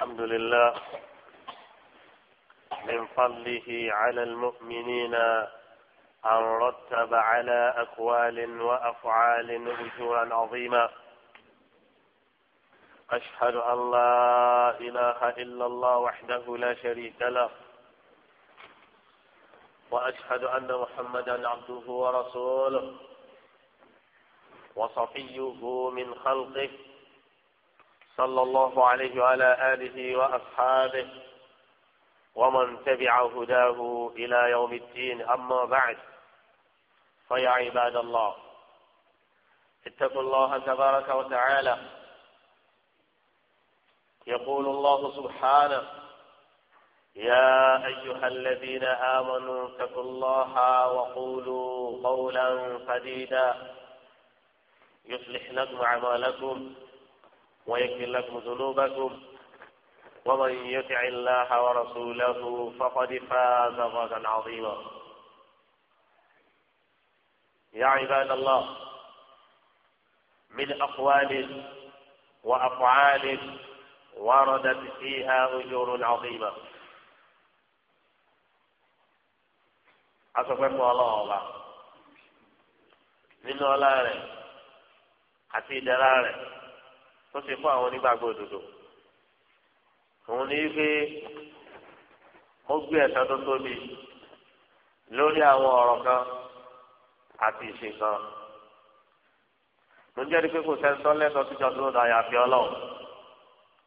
الحمد لله من فضله على المؤمنين أن رتب على أقوال وأفعال أجورا عظيمة أشهد أن لا إله إلا الله وحده لا شريك له وأشهد أن محمدا عبده ورسوله وصفيه من خلقه صلى الله عليه وعلى آله وأصحابه ومن تبع هداه إلى يوم الدين أما بعد فيا عباد الله اتقوا الله تبارك وتعالى يقول الله سبحانه يا أيها الذين آمنوا اتقوا الله وقولوا قولا سديدا يصلح لكم أعمالكم ويغفر لكم ذنوبكم ومن يطع الله ورسوله فقد فاز فوزا عظيما يا عباد الله من أقوال وأفعال وردت فيها أجور عظيمة أتوقف الله الله من الله àti الله الله tó ṣe fún àwọn onígbàgbọ́ òdodo òun ni wípé ó gbé ẹ̀san tó tóbi lórí àwọn ọ̀rọ̀ kan àti ìṣe kan ló ń jẹ́rìí pé kò sẹ́ńtọ́ lẹ́tọ̀ọ́ síjọ́ tó ń da àyàfi ọlọ́run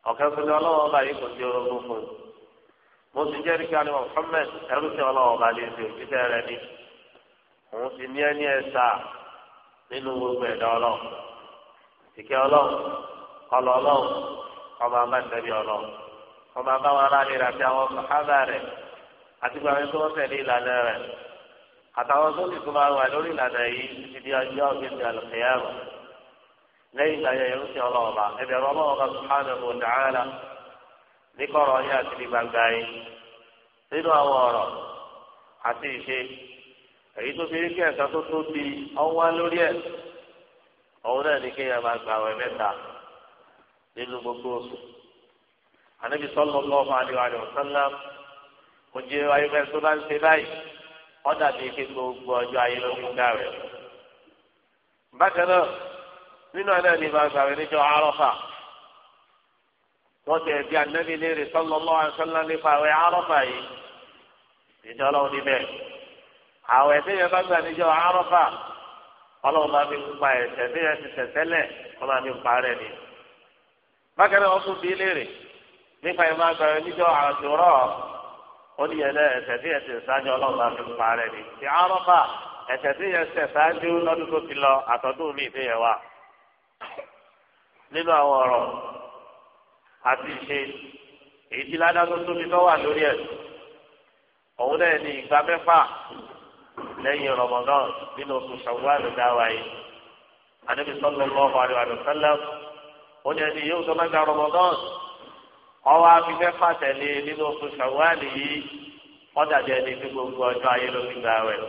ọ̀kẹ́ fún mi ọlọ́run ọba yìí kò sí orogún fún un mo sì jẹ́rìí pé alimọ̀ Muhammad ẹrú sí ọlọ́run ọba lè ṣe òjíṣẹ́ rẹ ní òun sì ní ẹni ẹ̀sà nínú gbogbo ẹ̀dá ọlọ́run ìkẹ́ ọlọ́run ọlọ́ọ̀lọ́wọ́ ọba amáǹdẹ́bí ọlọ́wọ́ ọba abáwọn aráàlú rẹ̀ àti àwọn sàhábà rẹ̀ àti gbàgbé tó wọ́n tẹ̀lé ìlànà rẹ̀ àtàwọn tó ti kúmọ̀ wà lórí ìlànà yìí ti di ọjọ́ ìgbésẹ̀ àlùkìyàmù lẹ́yìn ìgbà yẹn yóò ti ọlọ́ọ̀ba ẹ̀bẹ̀rẹ̀ ọlọ́ọ̀ba subhanahu wa ta'ala ní kọ́rọ̀ yẹn àti ní gbangba yẹn nínú àwọn ọ̀rọ̀ àti ìṣe èyí tó fi kí ẹ̀ka tó tó di ọwọ́ lórí ẹ̀ òun náà ní kéèyàn máa gbà wẹ̀ mẹ́ta. nínú gbogbo oṣù anabi sallallahu alaihi wa sallam kò jẹ ayọkẹ tó bá ń ṣe báyìí ọdà bíi kí gbogbo ọjọ́ ayé ló ń dá rẹ bákan náà nínú ẹ náà ní ma gbà wọn tẹ bí anabi léèrè sallallahu alaihi wa nípa àwẹ̀ Àrafà yìí ìjọ Ọlọ́run níbẹ̀ àwẹ̀ tí yẹn bá gbà níjọ́ Àrafà Ọlọ́run bá fi pa ẹsẹ tí tẹsẹlẹ fi nìyẹn. bákan náà wọ́n tún bí léèrè nípa ìmọ̀ agbára níjọ́ àjòrò oníyẹlẹ ẹsẹ̀ tí ẹsẹ̀ ṣáájú ọlọ́run àti parẹ́ ni ti àrọ́bà ẹsẹ̀ tí ẹsẹ̀ ṣáájú lọ́dún tó ti lọ àtọ́dún mi ìfẹ́ yẹn wà. nínú àwọn ọ̀rọ̀ àti ìṣe èyí tí ládàgbọ́ tóbi tó wà lórí ẹ̀ òun náà ní ìgbà mẹ́fà lẹ́yìn Ramadan nínú oṣù Ṣawwal dáwà yìí. Ànábì sallallahu alaihi ó ní ẹni yóò sọ lọ́gbà rọmọdán ọwọ́ afẹ́fẹ́ fàtẹ̀lé nínú oṣù sàwálì yìí ọ̀dàdì ni tí gbogbo ọjọ́ ayé ló fi gbà wẹ̀.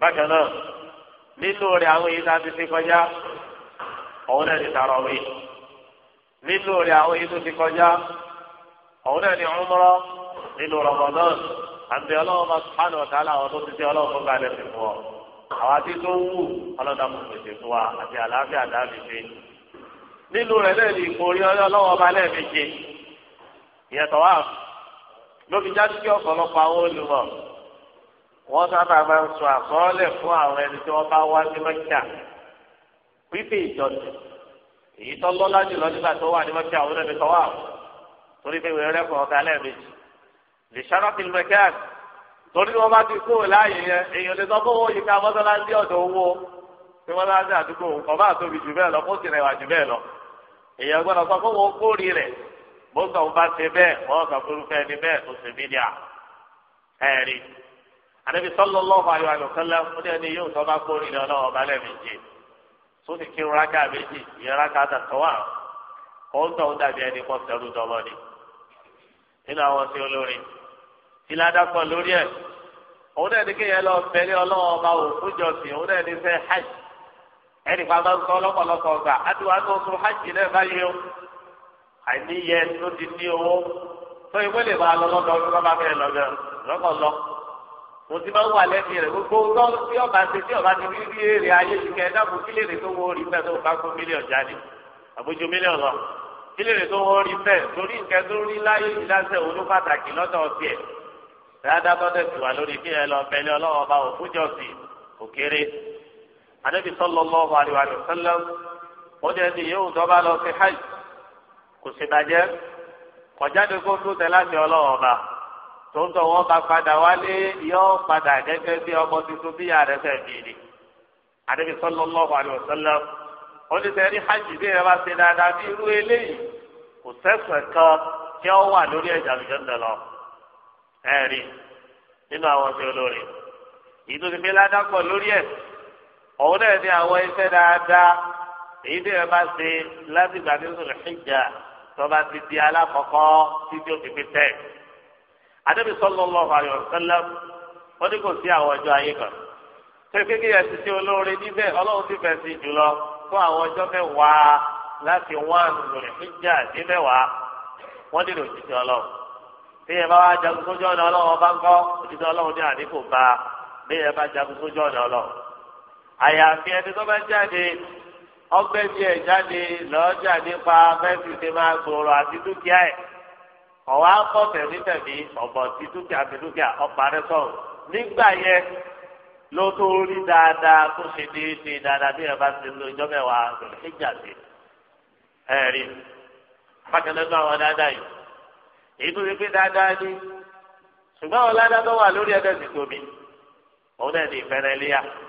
bákan náà nínú rẹ̀ àwọn èyí tá a ti fi kọjá òun náà ní tàràwí nínú rẹ̀ àwọn èyí tó ti kọjá òun náà ní ọmọrọ nínú rọmọdán àti ọlọ́wọ́ bá sùpánù ọ̀tá láwọn tó ti tẹ ọlọ́wọ́ fún balẹ̀ fún ọ àwọn àti tó wù ọlọ́dà kò pèsè fún wa àti àlàáfíà dáàbì nínú rẹ̀ náà ní ọlọ́wọ́ ọba lẹ́ẹ̀mejì ìyẹ̀tọ̀ wà lóbi jáde kí ọ̀pọ̀lọpọ̀ àwọn olùmọ̀ wọ́n sábà máa ń sọ àkọọ́lẹ̀ fún àwọn ẹni tí wọ́n bá wá sí mọ́kíà pípé ìjọsìn èyí tó lọ́lá jùlọ nígbà tó wà ní mọ́kíà àwọn ẹni tó wà torí pé wẹ́rẹ́ fún ọ̀gá lẹ́ẹ̀mejì lè ṣàròkì mẹ́kíà torí wọ́n bá ti kó láàyè yẹn èèyàn lè sọ fún owó yìí ká mọ́sálásí ọ̀dọ̀ owó tí mọ́sálásí àdúgbò ọba èèyàn gbọ́dọ̀ sọ fún wọn kórì rẹ̀ bó sọ wọn bá ṣe bẹ́ẹ̀ wọ́n sọ fún irúfẹ́ ẹni bẹ́ẹ̀ tó ṣe mídíà ẹ̀rí. àdébí sallallahu alaihi wa sallam fún ẹni yóò sọ bá kórì rẹ̀ ọlọ́wọ́ balẹ̀ méje tó ti kí rákà méjì ìyẹn rákà tàtọ́wà kó ń tọ́wọ́ dàbí ẹni kọ́ sẹ́rù dọ́mọ́ ni. nínú àwọn tí olórí ìlàdàpọ̀ lórí ẹ̀ òun náà ní kéèyàn lọ bẹ̀rẹ̀ ọlọ́wọ́ ọba òkú òun náà ní fẹ́ hajj ẹnì kan máa ń sọ lọ́pọ̀lọpọ̀ ọgbà adúlá tó sọ hajj náà báyìí o àìníyẹ tó ti ní owó tó ìwé lè máa lọ lọ́dọọdún lọ́ba fẹ́ lọ́gẹ̀ lọ́kọ̀ lọ. mo ti máa ń wà lẹ́nu rẹ̀ gbogbo tó tí ọba ṣe tí ọba ti rí rí èrè ayé ìkẹ́ dáàbò kílèrè tó wọ́n rí bẹ́ẹ̀ tó bá kó mílíọ̀nù jáde àbójú mílíọ̀nù lọ kílèrè tó wọ́n rí bẹ́ẹ̀ torí nǹkẹ́ tó rí láyé ìdásẹ́ olú pàtàkì lọ́dọ̀ ọ̀sì ẹ̀ dáadáa bọ́dẹ̀ lórí kí ẹ lọ bẹ̀lẹ́ ọlọ́wọ́ bá òkú òkèrè anabi sallallahu alayhi wa sallam ó jẹ ní yóò dọba lọ sí hajj kò sì bàjẹ́ kọjáde kó tó tẹ láti ọlọ́wọ́ ọba tó ń tọ wọn bá padà wálé yóò padà gẹ́gẹ́ bí ọmọ tuntun bíyà rẹ fẹ́ bìrì anabi sallallahu alayhi wa sallam ó ní sẹ́ni hajj bí ẹ bá ṣe dáadáa bí irú eléyìí kò sẹ́sẹ̀ kan tí ó wà lórí ẹ̀jà lùjọ́ndọ̀ lọ nínú àwọn tí olórí ìdúnibí ládàpọ̀ lórí ẹ̀ òun náà ní àwọn iṣẹ́ dáadáa èyí tí ẹ bá ṣe láti gbà nínú ìjà tọba ti di alákọ̀ọ́kọ́ títí òfin fi tẹ̀. Adébí sallallahu alaihi wasallam ó ní kò sí àwọn ọjọ́ ayé kan. Ṣé kí kíyà ti ṣe olóore níbẹ̀ ọlọ́run ti fẹ̀ sí jùlọ fún àwọn ọjọ́ mẹ́wàá láti wọ́n nínú ìjà sí mẹ́wàá wọ́n nílò òjijì ọlọ́run. Bí ẹ bá wá jagun sójú ọ̀nà ọlọ́run àyàfi ẹni tó bá jáde ọgbẹ́ bí ẹ̀ jáde lọ́jà nípa mẹ́sì ti máa gbòòrò àti dúkìá ẹ̀ ọ̀wá kọ́ tẹ̀mí tẹ̀mí ọ̀bọ̀ ti dúkìá ti dúkìá ọ̀parẹ́ sọ̀rọ̀ nígbà yẹn ló tó rí dáadáa tó ṣe déédéé dáadáa bí ẹ bá ti lo ìjọ mẹ́wàá ìjà sí ẹ̀rí pàtẹ́lẹ́gbẹ́ àwọn dáadáa yìí èyí tó ti pé dáadáa ní ṣùgbọ́n àwọn tó wà lórí ẹ̀dẹ̀ òun náà ní ìfẹ́rẹ́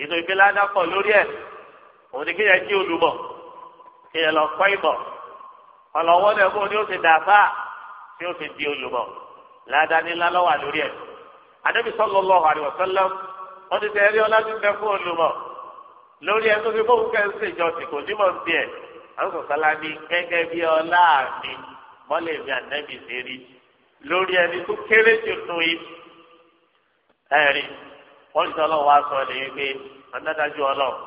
inú ìgbé ládàá pọ̀ lórí ẹ̀ òun ni kéèyàn jí olùmọ̀ kéèyàn lọ kọ́ ìmọ̀ ọlọ́wọ́ náà bó ni ó ti dà fáà tí ó fi di olùmọ̀ ládàá nílá lọ́wọ́ lórí ẹ̀ Ànábì sallallahu alaihi wasallam wọ́n ti tẹ̀ ẹ́ rí ọlá ti fẹ́ fún olùmọ̀ lórí ẹ̀ tó fi bóun kẹ́ ń ṣèjọ kò dímọ̀ ń tiẹ̀ àwọn sọ̀sálà ní gẹ́gẹ́ bí ọlá mi mọ́lẹ̀ mi Ànábì ṣe rí lórí ẹni tó kéré jù nù yìí ẹ̀rí wọ́n ti ọlọ́run wá sọ ní pé ọ̀nàdájú ọlọ́run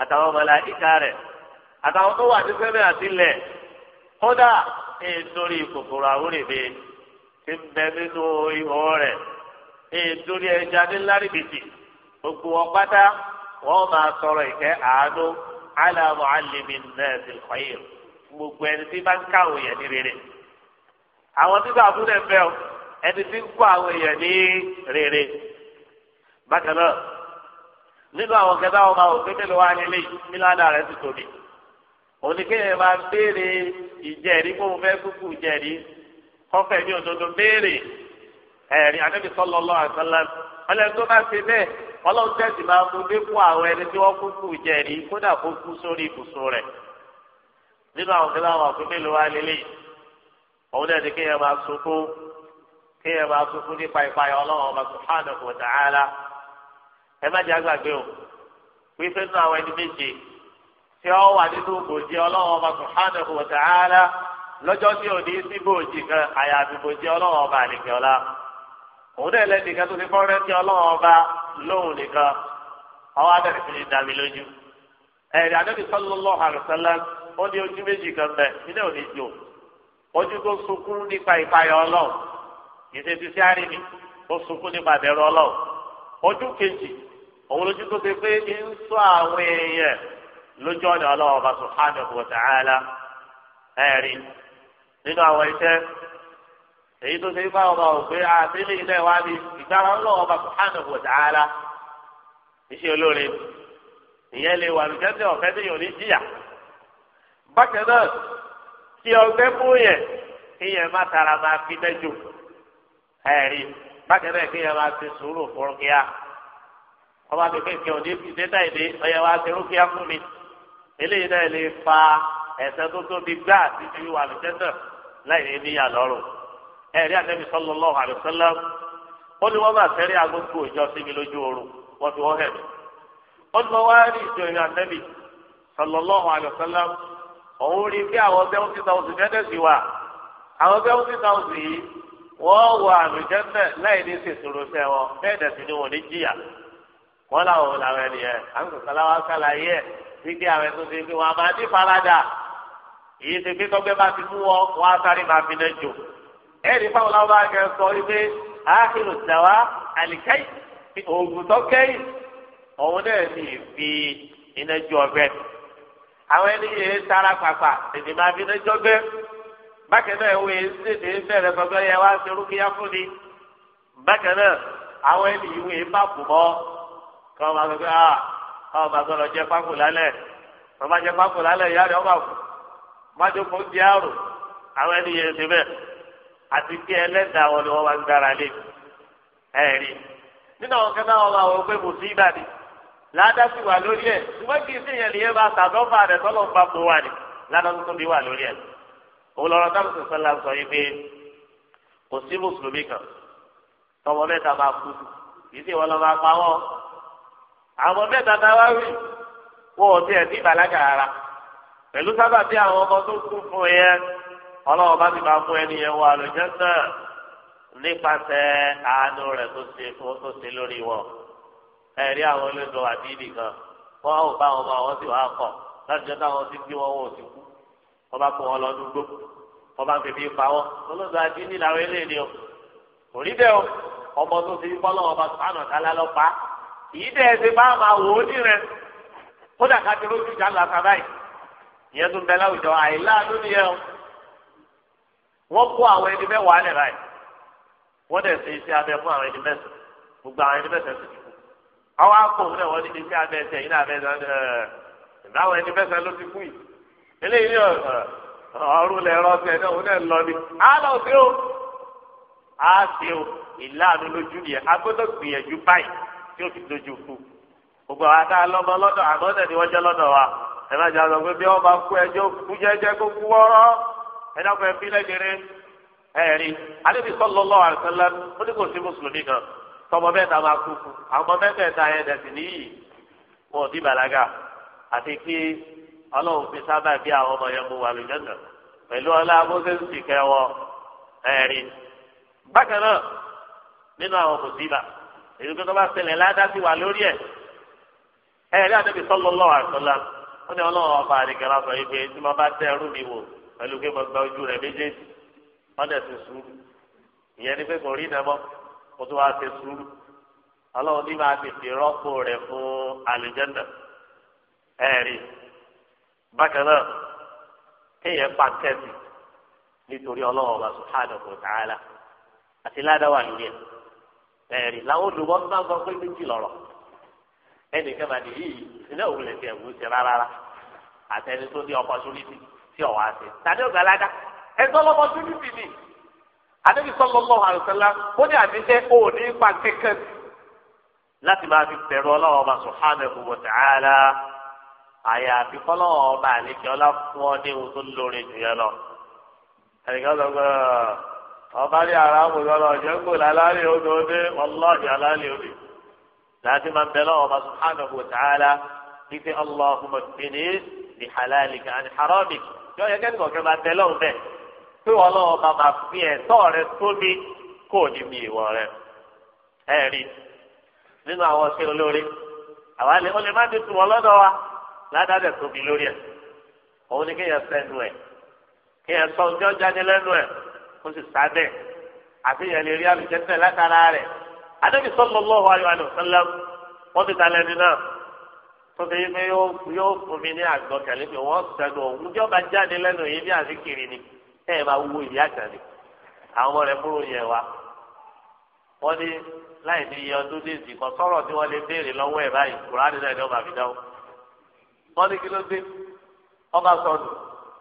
àtàwọn màláíkà rẹ̀ àtàwọn tó wà ní sẹ́lẹ̀ àtìlẹ̀ kódà nítorí kòkòrò àwúrè mi ti ń bẹ nínú ihò rẹ̀ nítorí ẹja nílárìbìtì gbogbo ọ̀pátá wọ́n máa sọ̀rọ̀ ìkẹ́ àánú aláàmú alẹ́mi náà ti kọ́yìn gbogbo ẹni tí bá ń káwọn èèyàn ní rere àwọn tí bá abúlé ẹni tí ń kó àwọn èèyàn ní rere. bákan nínú àwọn kẹta wọn máa wò mélòó wá nílé nílànà rẹ ti tóbi òní kéèyàn máa béèrè ìjẹ́rìí kó fẹ́ kúkú kọ́fẹ́ béèrè ẹ̀rí anábì ọlẹ́ni tó bá ṣe bẹ́ẹ̀ ọlọ́run tẹ̀sí máa mú dínkù àwọn ẹni tí wọ́n kúkú kódà ẹ má jẹ́ àgbàgbé o wípé nínú àwọn ẹni méje tí ó wà nínú bòjì ọlọ́wọ́ ọba subhanahu wa lọ́jọ́ tí ò ní sí bòjì kan àyàfi bòjì ọba àlèkè ọ̀la òun náà lẹ́nu nìkan tó ti ọba lóhùn nìkan àwọn abẹ́rẹ́ fi lè dà mí lójú ó ní ojú méjì kan bẹ̀ jò ojú tó sunkún nípa ọlọ́run òun lójú tó ṣe pé ń sọ àwọn èèyàn lójú ọ̀nà ọlọ́wọ́ bá subhanahu wa ta'ala ẹ̀rí nínú àwọn iṣẹ́ èyí tó ṣe fáwọn ọba àtìlẹ́ wa ni ìgbára ọlọ́wọ́ bá subhanahu wa ta'ala iṣẹ́ olóore ìyẹn lè wà lùjẹ́sẹ̀ ọ̀fẹ́ tí ní jìyà bákan náà tí ọgbẹ́ tara máa fi mẹ́jọ ẹ̀rí bákan náà ọba pípé kí òní fi dẹ́tà ìdè ọyẹ wa ti rúkìá fún mi eléyìí náà lè fa ẹ̀ṣẹ̀ tó tóbi gbáà ti fi wà lùtẹ́tẹ̀ láì ní níyà lọ́rùn ẹ̀rí àtẹ́bí sallallahu alaihi wasallam ó ní wọ́n bá sẹ́rí agogo ìjọ sí mi lójú oorun wọ́n fi wọ́n hẹ̀ mí ó ní wọ́n wá rí ìjọ ìrìn àtẹ́bí sallallahu alaihi wasallam òun rí bí àwọn seventy thousand mẹ́tẹ́sì wà àwọn seventy thousand yìí wọ́n wọ àlùjẹ́tẹ̀ láì ní wọ́n ní jìyà wọn làwọn làwọn ẹni yẹn àwọn sọláwà sàlàyé ẹ wípé àwọn ẹni tó ti fi wọn àmàdí farada èyí ti fi tọgbẹ bá ti mú wọn wọn asáré máa fi náà jò ẹni fáwọn làwọn bá kẹ sọ wípé àákìlù tẹwà àlìkẹyì oògùn tó kẹyì òun náà ní ìfi iná jù ọbẹ àwọn ẹni yẹn tara pàpà tètè máa fi náà jọgbẹ bákan náà ìwé ṣèṣe bẹ̀rẹ̀ sọgbẹ yẹn wá ṣerú kíyá fún mi bákan náà àwọn ẹni ìwé má bù mọ. kọ́ máa sọ a ọ bá gbọ́dọ̀ jẹ pákó lálẹ́ ọba jẹ pákó lálẹ́ ìyá rẹ̀ ọba kù májòkó di àrò àwọn ẹni yẹn ti bẹ́ẹ̀ àti kí ẹlẹ́dàá wọn ni wọ́n wá ń dára lé ẹ̀rí nínú àwọn kẹta wọn máa wọ pé ni ládàsí wà lórí ẹ̀ ṣùgbọ́n bá sàdọ́fà rẹ̀ ń wà ní wà lórí ẹ̀ òun lọ́rọ̀ la sọ yìí pé kò sí kan tọmọ mẹ́ta máa kú sì àwọn mẹ́ta tá a wá rí wọn ò tiẹ̀ ní ìbàlágà ara pẹ̀lú sábà bí àwọn ọmọ tó kú fún yẹn ọlọ́wọ́ bá ti máa fún ẹni yẹn wọ àlùjẹ́ náà nípasẹ̀ àánú rẹ̀ tó ṣe fún tó ṣe lórí wọn ẹ̀rí àwọn olóńgbò àti ibì kan wọn ò bá wọn bá wọn sì wá kọ lọ́jọ́ táwọn ti gbé wọn wọn ò sì kú wọn bá kó wọn lọ dúgbò wọn bá fi fi pa wọn olóńgbò àti làwọn eléyìí o kò rí bẹ́ẹ̀ o ọmọ tó ti kọ́ lọ́wọ́ bá sánà kálá yìí dẹ̀ ẹsẹ̀ bá máa wò ó dìrẹ kódà ká ti lójú ìjà ńlá sábà ìyẹn tó ń bẹ láwùjọ àìláàánú nìyẹn o wọ́n kó àwọn ẹni mẹ́wàá lẹ̀ báyìí wọ́n dẹ̀ ṣe iṣẹ́ abẹ fún àwọn ẹni mẹ́sàn gbogbo àwọn ẹni mẹ́sàn ti kú àwọn akọ òun náà wọ́n ní iṣẹ́ abẹ ẹsẹ̀ yìí náà abẹ ẹsẹ̀ ẹ̀ báwọn ẹni mẹ́sàn ló ti kú yìí eléyìí ọrùn lẹ̀ rọ́ọ̀sẹ̀ náà òun náà lọ ni á lọ sí o á sí o ìlànà lójú nìyẹn agbọ́dọ̀ gbìyànjú báyìí tí ó fi dojú kú gbogbo àwọn lọ́mọ lọ́dọ̀ àmọ́tẹ̀ ni wọ́n wa ẹ má jà lọ pé bí wọ́n bá kú ẹjọ́ kú jẹ́jẹ́ kó kú wọ́rọ́ ẹ dákun ẹ fi lẹ́gẹ̀rẹ́ ẹ rí sọlọ ó ní kò sí mùsùlùmí kan tọmọ máa kú kú níyì wọn ò bàlágà àti ọlọ́run fi sábà bí àwọn ọmọ yẹn mú pẹ̀lú èyí tó bá ṣẹlẹ̀ ládàbí wà lórí ẹ̀ ẹ̀rí àdébí sallallahu alaihi wasallam ó ní ọlọ́run ọba àdìgẹ́ lásán yìí pé tí mo bá tẹ ẹrú mi wò pẹ̀lú pé mo gba ojú rẹ̀ méjèèjì wọ́n dẹ̀ ti sùúrù ìyẹn ni pé kò rí ìdẹ́mọ́ kó tó wá ti sùúrù ọlọ́run ní máa tètè rọ́pò rẹ̀ fún àlùjẹ́ndà ẹ̀rí bákan náà kéèyàn pàǹkẹ́ẹ̀tì nítorí ọlọ́run ọba subhanahu wa ta'ala àti ládàá wà lórí ẹ̀rí làwọn olùkọ́ bá gbọ́ pé méjì lọ́rọ̀ ẹnì kan máa nìyí ilé òun lè fi ẹ̀wù ṣe rárá àtẹni tó ní opportunity tí ọ̀wá ṣe tàbí ọ̀gá alága ẹ̀tọ́ l'opportunity ni àdébí sallallahu alaihi wasallam ó ní àbíṣe òní pa kẹ́kẹ́ láti máa fi bẹ̀rù ọlọ́wọ́ ọba subhanahu wa ta'ala àyàfi kọ́lọ́wọ́ ọba àlejò ọlá fún ọ ní ohun tó ọba ní aramu lọ́rọ̀ jẹ́kù lálálẹ́ odò dé wàlláhi alálẹ́ odò láti máa bẹ̀rẹ̀ ọba subhanahu wa ta'ala fífi allahumma fini bi halalika ani haramik yọ yẹ kẹ́ni kọ̀ọ̀kan máa bẹ̀rẹ̀ ọ̀hún bẹ́ẹ̀ pé lọ́wọ́ bá máa fi ẹ̀tọ́ rẹ tóbi kó ní mi ìwọ rẹ ẹ rí nínú àwọn ṣé olóore àwa lè ó má ti tù wọn lọ́dọ̀ wa ládàá tóbi lórí ẹ̀ òun ni kéèyàn sẹ́nu ẹ̀ kéèyàn sọ ó sì sábẹ́ àfihàn lè rí àlùjẹ́sẹ̀ látara rẹ̀ adébí sallallahu alaihi wa sallam wọ́n ti dalẹ̀ ní náà tó fi yí pé yóò fún mi ní àgbọ̀ kẹ̀lé pé wọ́n sẹ́nu òun jọba jáde lẹ́nu yìí ní àzíkiri ni ẹ ẹ máa wo ìyá àtàlẹ́ àwọn ọmọ rẹ̀ múrò yẹn wa wọ́n ní láì ní iye ọdún déèzì kan sọ̀rọ̀ tí wọ́n lè béèrè lọ́wọ́ ẹ̀ báyìí kùránì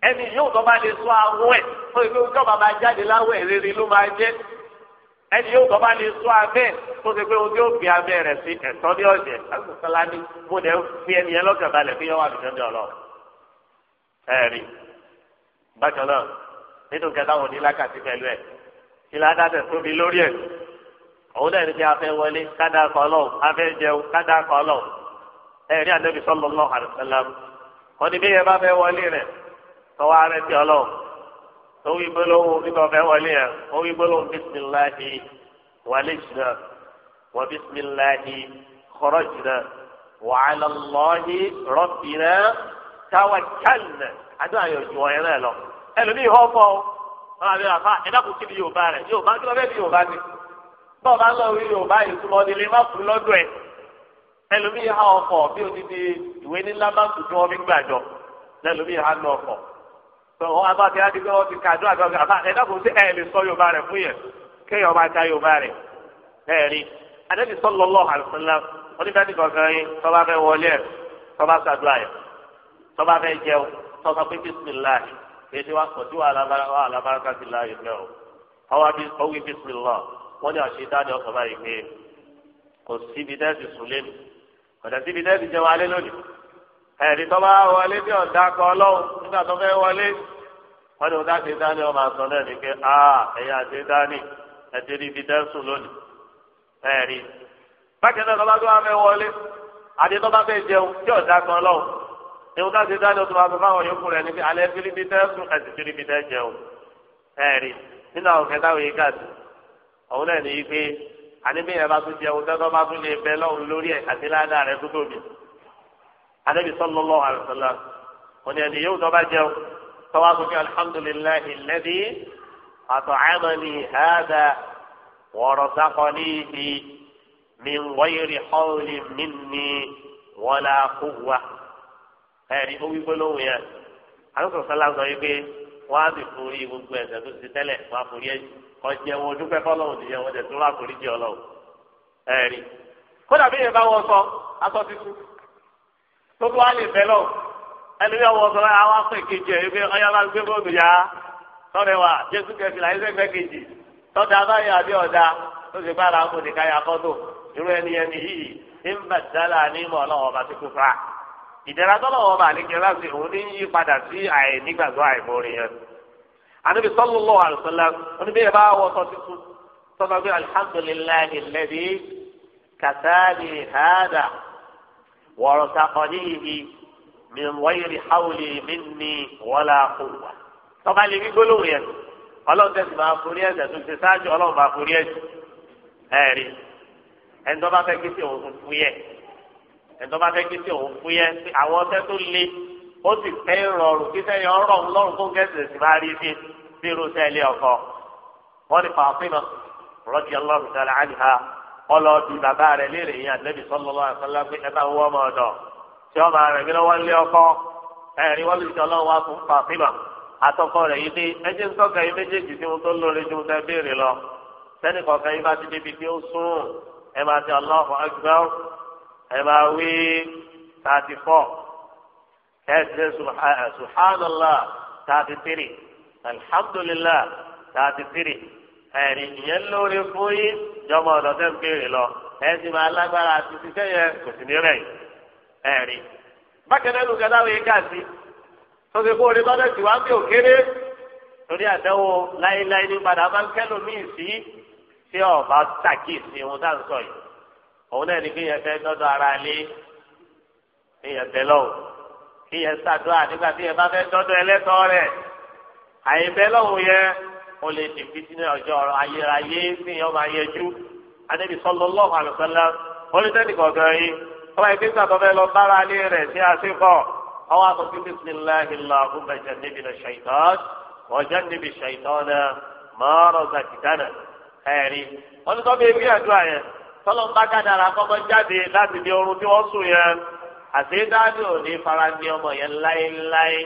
ẹni yóò tó bá lè sọ awọ ẹ tó ìgbé ojú ọba máa jáde láwọ ẹ rere ló máa jẹ ẹni yóò tó bá lè sọ abẹ tó ti pé ojú òbí abẹ rẹ sí ẹ̀tọ́ ní ọjẹ alùpùpùpùlá ni mo dẹ fi ẹni yẹn lọ́kàn balẹ̀ fi yọ wà lùjọ ní ọlọ ẹẹri bákan náà nínú kẹta wọn ní lákàtí pẹ̀lú ẹ ìlà dáadẹ tóbi lórí ẹ òun náà ní bí afẹ wọlé kádà kọ afẹ jẹun kádà kọ lọ ẹẹri àdébísọ lọ lọ àdùsálàmù tọ́wọ́ arẹ́ tí ọlọ́run tó wí gbólóhùn nígbà ọ̀fẹ́ wọlé yẹn ó wí gbólóhùn bísímìláhi wàlejìnà wà bísímìláhi kọ́rọ́jìnà wà álọ́lọ́hì rọ́bìnà táwa kálínà adúlá yóò ju ọ̀yẹ́ náà lọ ẹlòmíì họ́ fọ́ wọn àbí àfa ẹ dákun kí ni yorùbá rẹ yorùbá kí ló fẹ́ bí yorùbá ni bọ́ọ̀ bá lọ rí yorùbá yìí túmọ̀ nílé má kú lọ́dọ̀ ẹ̀ ẹlòmíì há ọkọ̀ bí odidi ìwé nílá má tutù wọn fi gbàjọ lẹ́lòmíì há ní sọ̀rọ̀ abáti adigun ọ̀ti kàdó àgbàgbà àbá ẹ̀dàkùn sí ẹ̀ lè sọ yorùbá rẹ̀ fún yẹn kéèyàn máa ta yorùbá rẹ̀ ẹ̀ rí adébí sọlọ lọ àlùfẹ́lá oníbẹ̀ẹ́dì kankan yín tọ́ba fẹ́ wọlé ẹ̀ tọ́ba ṣàdúrà yẹn tọ́ba fẹ́ jẹun tọ́ba pé bísímìláì ètò wa sọ̀tí wa alábàáràkà sí láàyè fẹ́ o ọwọ́ awí bísímìlá wọ́n ní àṣetá ni ọkọ̀ ẹ̀rí tó bá wọlé bí ọ̀dà kan ọlọ́run nígbà tó fẹ́ wọlé wọ́n ní ọ̀dà ṣe dání ọmọ àṣọ náà ní pé a ẹ̀yà ṣe dání ẹ̀ṣẹ̀ ní ibi dẹ́sùn lónìí ẹ̀rí. bákan náà tó bá tó bá fẹ́ wọlé àti tó bá fẹ́ jẹun tí ọ̀dà kan ọlọ́run ní ọ̀dà ṣe dání ọtún máa fáwọn yòókù rẹ̀ ní pé alẹ́ fílíbi dẹ́sùn ẹ̀ṣẹ̀ fílíbi dẹ́ jẹun ẹ̀rí nínú àwọn kẹta anabi sallallahu alayhi wa sallam wọn ni ẹni yóò dọba jẹun tọwọ́ àgùnfin alhamdulillahi alladhi at'amani hadha wa razaqanihi min ghayri hawlin minni wala quwwa. ẹ̀rí ó wí gbólóhùn yẹn alùpùpù sọlá sọ yìí pé wọ́n á sì forí gbogbo ẹ̀ṣẹ̀ tó ti tẹ́lẹ̀ wọ́n á forí ẹ̀ ọjẹ́ wọn dúpẹ́ fọlọ́hùn nìyẹn wọ́n tẹ̀ tó wọ́n á forí jẹ́ ọlọ́hùn. ẹ̀rí kódà bí yẹn bá wọ́n sọ aṣọ tuntun tó tó wá lè fẹ́ lọ ẹni bí ọwọ́ sọ wá pè kejì ẹ̀ wípé ọyá bá gbé bóòlù yá tọ́lẹ̀ wà jésù kẹfìlà ẹsẹ̀ fẹ́ kejì tọ́da báyìí àbí ọ̀dà tó ti gbára irú ẹni ẹni yìí ń bà dálà ní ọlọ́wọ́ bá ti kú fa tọ́lọ́wọ́ bá ní kẹlá sí òun ní yí padà sí àìnígbàgbọ́ yẹn bá sọ títún sọ bí ورزقنيه من غير حول مني ولا قوة tọ́ba lè fi gbólóhùn yẹn ọlọ́run tẹ̀sí máa forí ẹ̀sẹ̀ tó ti ṣáájú ọlọ́run máa forí ẹ̀sẹ̀ ẹ̀rí ẹni tó bá fẹ́ kí sí òun fún yẹ ẹni tó bá fẹ́ kí sí òun fún yẹ àwọn ọtẹ tó le ó sì fẹ́ rọrùn kí sẹ́yìn ọ̀rọ̀ ńlọ́run tó gẹ̀ẹ́sì sì máa rí sí bí irú sẹ́ẹ̀lì ọkọ wọ́n ní fàáfin náà rọ́jì ọlọ́run sẹ́lẹ̀ àdìhà ọlọ́ọ̀dì bàbá rẹ̀ léèrè yín àtẹ́bí sọ́lọ́lọ́ àtọ́lá pé ẹ bá wọ́ ọmọ ọ̀dọ̀ tí ọmọ rẹ̀ mi lọ́wọ́ lé ọkọ ẹ̀rí wọ́n lùdí ọlọ́run wá fún Fàtímà àtọkọ rẹ̀ yìí dé ẹjẹ́ ń tọ́ka yín méjèèjì tí mo tó lóore ju tẹ́ béèrè lọ sẹ́ni kọ̀ọ̀kan yín bá ti débi tí ó sún ẹ máa ti Allahu Akbar ẹ máa wí thirty four ẹ ti subhanallah thirty three alhamdulillah thirty ẹ̀rí ìyẹn lórí fún yín jọmọ ọ̀dọ̀ tẹ́ ń béèrè lọ ẹ sì máa lágbára àti ṣiṣẹ́ yẹn kò sì ní rẹ̀ yìí ẹ̀rí. bákẹ́lẹ́ lu gàdáwó yìí káàsì tó ti kó orí bọ́dẹ̀ tì wá bí òkéré torí àdánwò láéláé ní padà máa ń kẹ́lò míì sí tí ọba ṣàkíyèsí ohun tá à ń sọ yìí òun náà ní kéèyàn fẹ́ dọ́dọ̀ ara lé kéèyàn tẹ lọ́wọ́ kéèyàn ṣàdúrà nígbà tí ẹ bá fẹ́ dọ́dọ̀ ẹlẹ́tọ́ rẹ̀ àyè bẹ́ lọ́wọ́ yẹn wọn lè fi fitinẹ ọjọ́ ọ̀rọ̀ ayérayé sí yẹn máa yẹjú anabi sallallahu alaihi wasallam wọn lè tẹ́lẹ̀ kọ̀ọ̀kan yìí wọn lè gbégbà tó fẹ́ lọ bára alé rẹ̀ sí àṣekọ̀ àwọn akọ̀kí bisimilahi allahumma jannibi na shaitan wa jannibi shaitana mọ́ọ̀rọ̀ zakitana ẹ̀rí wọn lè tọ́ bí ebi àdúrà yẹn tọ́lọ́n bá kádàrà kọ́kọ́ jáde láti di oorun tí wọ́n sùn yẹn àṣedáàdì òní fara ọmọ yẹn láéláé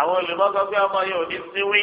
àwọn olùmọ́gọ́gbé ọmọ yẹn òní síwí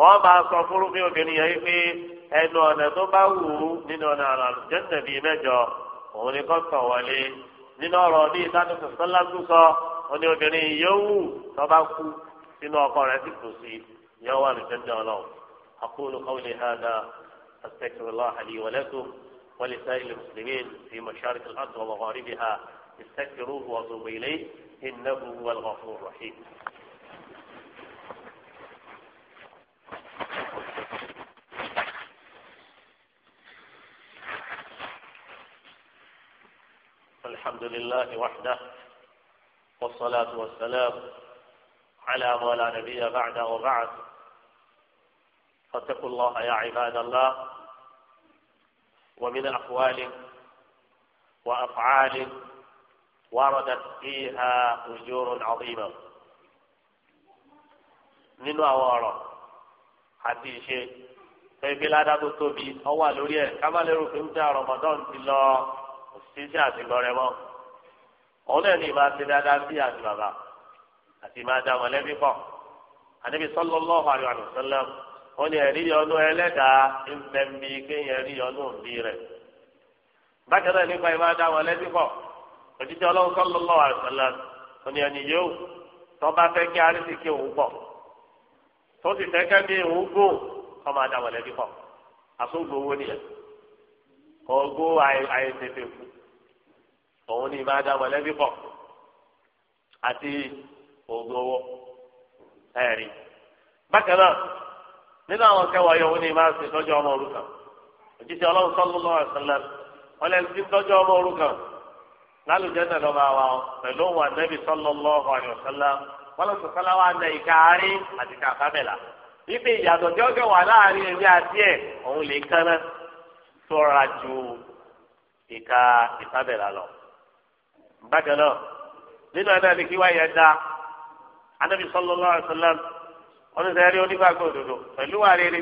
wọ́n máa sọ fúru mi obìnrin yẹn pé ẹnu ọ̀nà tó bá wù ú nínú ọ̀nà àlùjẹ́sẹ̀ bíi mẹ́jọ òun ni kò sọ wọlé nínú ọ̀rọ̀ bíi sádùkù sọ́lájú sọ ó ní obìnrin yóò wù tó bá kú sínú ọkọ rẹ̀ sì kù sí yóò wà àlùjẹ́sẹ̀ ọlọ́run aqulu qawli hadha astaghfirullah li wa lakum wa li sa'iril muslimin استغفروه وتوبوا إليه إنه هو الغفور الرحيم الحمد لله وحده والصلاة والسلام على ما لا نبي بعد وبعد فاتقوا الله يا عباد الله ومن أقوال وأفعال وردت فيها أجور عظيمة من أوارا àti ìṣe ẹbí ládàá tó tóbi ọwọ́ àlórí ẹ̀ ká má lérò pé ń dá òun náà ní ìmọ̀ àti dáadáa sí àti bàbá àti ìmọ̀ àdá mọ̀lẹ́bí pọ̀ ànábi sallallahu alaihi wasallam wọ́n ní ẹ̀rí ọdún ẹlẹ́dàá ńbẹ́mbí kéèyàn ẹ̀rí ọdún òbí rẹ̀ bákan náà nípa ìmọ̀ àdá mọ̀lẹ́bí pọ̀ òjijì ọlọ́run sallallahu alaihi wasallam wọ́n ẹni yóò tọ́ba fẹ́ kí arísìkí òun pọ̀ tó sì fẹ́ kẹ́ bí òun gùn kọ́ máa dá mọ̀lẹ́bí pọ̀ owó nìyẹn òun ni ìbá dá mọ̀lẹ́bí ati àti oògùn owó ẹ̀rí. bákan náà nínú àwọn kẹwàá yòówù ni ìbá ṣe tọ́jú ọmọ òrukàn òjíṣẹ́ ọlọ́run sallallahu alaihi wasallam ọlẹ́ni tí tọ́jú ọmọ òrukàn lálùjẹ́ náà lọ́ba wa pẹ̀lú òun ànábì sallallahu alaihi wasallam wọ́n lọ sọ̀kọ́lá wa nà ìkaárí àti kàfámẹ́là wípé ìyàtọ̀ tí ó kẹ́ láàrin èmi àti ẹ̀ òun lè tó ra ju ìka lọ. bákan náà nínú ẹ̀dá kí wáyé ẹ̀dá anábì sallallahu alaihi wasallam oníṣẹ́rí onígbàgbọ́ òdodo pẹ̀lú wà rere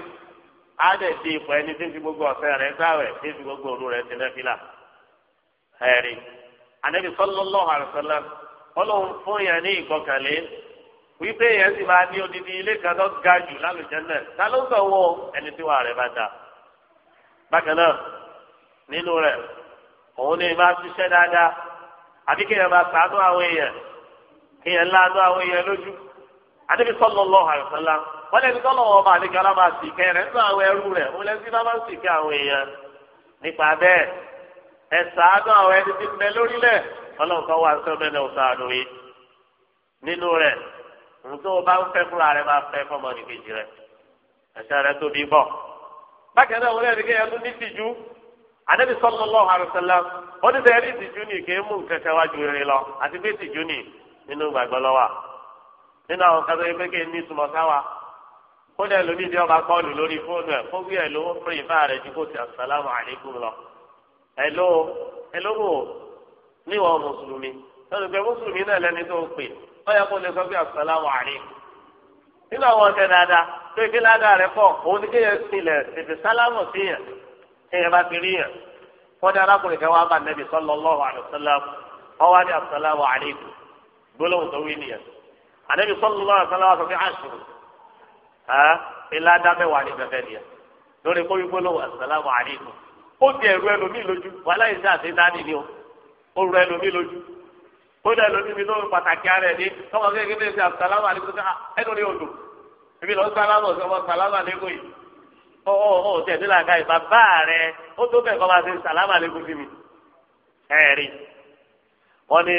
á di ipò ẹni tí ń fi gbogbo ọ̀sẹ̀ rẹ̀ gbáwẹ̀ tí ń fi gbogbo òru rẹ̀ ti nẹ́fìlà ẹ̀rí anábì sallallahu alaihi wasallam ọlọ́run fún yẹn ní ìkọkànlé wípé yẹn sì máa ní odidi ilé kan tó ga jù lálùjànnà ta ló àbí kéèyàn máa sàánú àwọn èèyàn kéèyàn láàánú àwọn èèyàn lójú àdébí sallallahu alaihi wasallam wọn lẹbi tọlọ wọn bá àdéhùn aláma sì kẹ rẹ nínú àwọn ẹrú rẹ wọn lẹbi bá máa sì kẹ àwọn èèyàn nípa bẹ́ẹ̀ ẹ sàánú àwọn ẹni tí ń bẹ lórílẹ̀ Ọlọ́run kan wà sọ mẹlẹ ọsàánú yìí nínú rẹ nǹkan o ń fẹ́ fúnra rẹ máa fẹ́ fọmọ nìkejì rẹ ẹsẹ rẹ tóbi bọ bákẹ́ anabi sallallahu alaihi wasallam wọn ti sẹyìn tìjú ní kí n mú kẹkẹ wájú rìn lọ àti pé tìjú ní nínú gbàgbọ́ lọ́wọ́ nínú àwọn kan tó yẹ pé kí n ní sùmọ̀ sáwà kó dẹ lómi ìdí ọba kọlù lórí fóònù ẹ fóònù ẹ lówó fún ìfá rẹ ju kó ti asàlámù àlékún lọ ẹ ló ẹ lówó níwọ̀n mùsùlùmí lọ́dún pé mùsùlùmí náà lẹni tó pè ó kó lè sọ pé asàlámù àlékún nínú àwọn ọ̀sẹ̀ dáadáa tó ìdílé téèyàn bá fi rí yàn kọ́dà arákùnrin kan wá bá nẹ́bí sallallahu alaihi wasallam ọwọ́ adé assalamu alaikum gbólóhùn tó wí nìyẹn ànẹ́bí sallallahu alaihi wasallam sọ fún àṣùrù ẹ́ ilá dábẹ́wàá ní bẹ́ẹ̀ nìyẹn lórí kó wí gbólóhùn assalamu alaikum ó ti ẹ̀rù ẹlòmíì lójú wàhálà yìí ṣe dání ni o ó rù ẹlòmíì lójú ó dá ẹlòmíì mi lórí pàtàkì ara ẹ̀ ọ ọ ọ tẹ̀ nílà ká ìfà bá rẹ ó tó bẹ̀ kọ́ máa ṣe sàlámà lẹ́kùn sí mi. ẹ rí wọn ní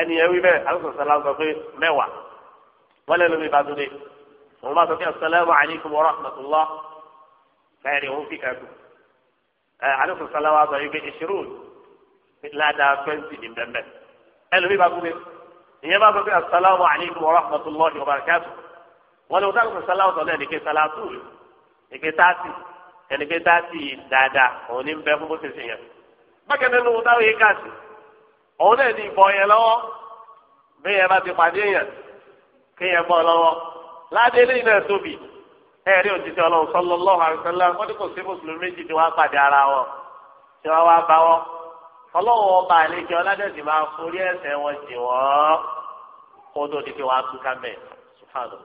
ẹni ẹ wí bẹ́ẹ̀ alùpùpù sàlámù sọ pé mẹ́wàá wọn lẹ́nu mi bá tó dé wọn bá sọ pé asalaamu alaykum wa rahmatulah ẹ rí òun fi kàdù ẹ alùpùpù sàlámù sọ yìí pé ìṣirò ládàá fẹ́ǹsì ní bẹ́ẹ̀ ẹlòmí bá tó dé ìyẹn bá sọ pé asalaamu alaykum wa rahmatulah wa barakatuh wọn lè wọ́n sọ ìpè táàtì ẹni pé táàtì dáadáa òun ní bẹ fún bó ṣe ṣe yẹn bákan nínú táwọn yìí kà sí òun náà ní ìbọn yẹn lọ́wọ́ bí yẹn bá ti pàdé yẹn kí yẹn bọ́ lọ́wọ́ ládé lẹ́yìn náà tóbi ẹ̀rí òjijì ọlọ́run sallallahu alaihi wasallam wọ́n ní kò sí mùsùlùmí méjì tí wọ́n pàdé ara wọn tí wọ́n wá bá wọn ọlọ́run ọba àlejò ọládẹ́sì máa forí ẹ̀ṣẹ̀ wọn jì wọ́n kó tó di pé wọ́n á túká mẹ́ẹ̀ sùfàdùn.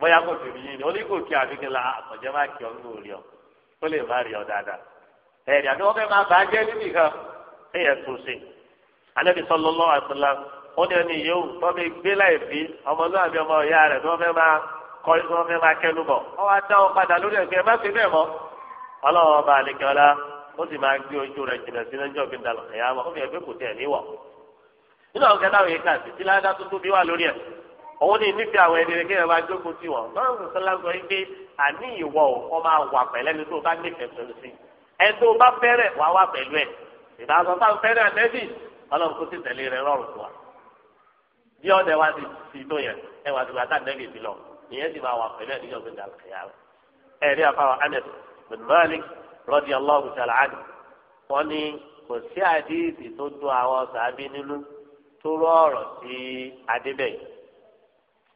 bóyá kò sì rí yín ni oníkò kí àfikún la àkànjẹ́ ah, má kí ọ nínú rí ọ ó lè má rí ọ dáadáa ẹ̀rì àti wọ́n fẹ́ máa bàá jẹ́ níbi kan ẹ̀yẹ tó ṣe alẹ́bí sọlọ́lọ́ àtúnlá ó ní ẹni yòówù tó fi gbé láì bí ọmọlúwàbí ọmọ ìyá rẹ̀ tí wọ́n fẹ́ máa kọ́ tí wọ́n fẹ́ máa kẹ́nu bọ̀ ọ wá dá wọn padà lórí ẹ̀gbẹ́ má fi bẹ́ẹ̀ mọ́ ọlọ́wọ́ ọba àlekẹ́ ọlá ó òun ní nífẹ̀ẹ́ àwọn ẹni rẹ̀ kí ẹ máa jókòó sí wọn lọ́rùn sọ́lá sọ yín pé àní ìwọ ò kọ́ máa wà pẹ̀lẹ́ ni tó o bá nífẹ̀ẹ́ pẹ̀lú sí ẹ tó o bá fẹ́rẹ̀ wá wà pẹ̀lú ẹ̀ ìbáṣọ bá fẹ́rẹ̀ àtẹ́bí ọlọ́run kó sì tẹ̀lé rẹ rọrùn fún wa bí ọ̀dẹ wa ti ti tó yẹn ẹ wà tìgbà tá àtẹ́bí ti lọ ìyẹn sì máa wà pẹ̀lú ẹ̀ níjọ́ gbẹ̀dà ẹ̀rí àfàwọ̀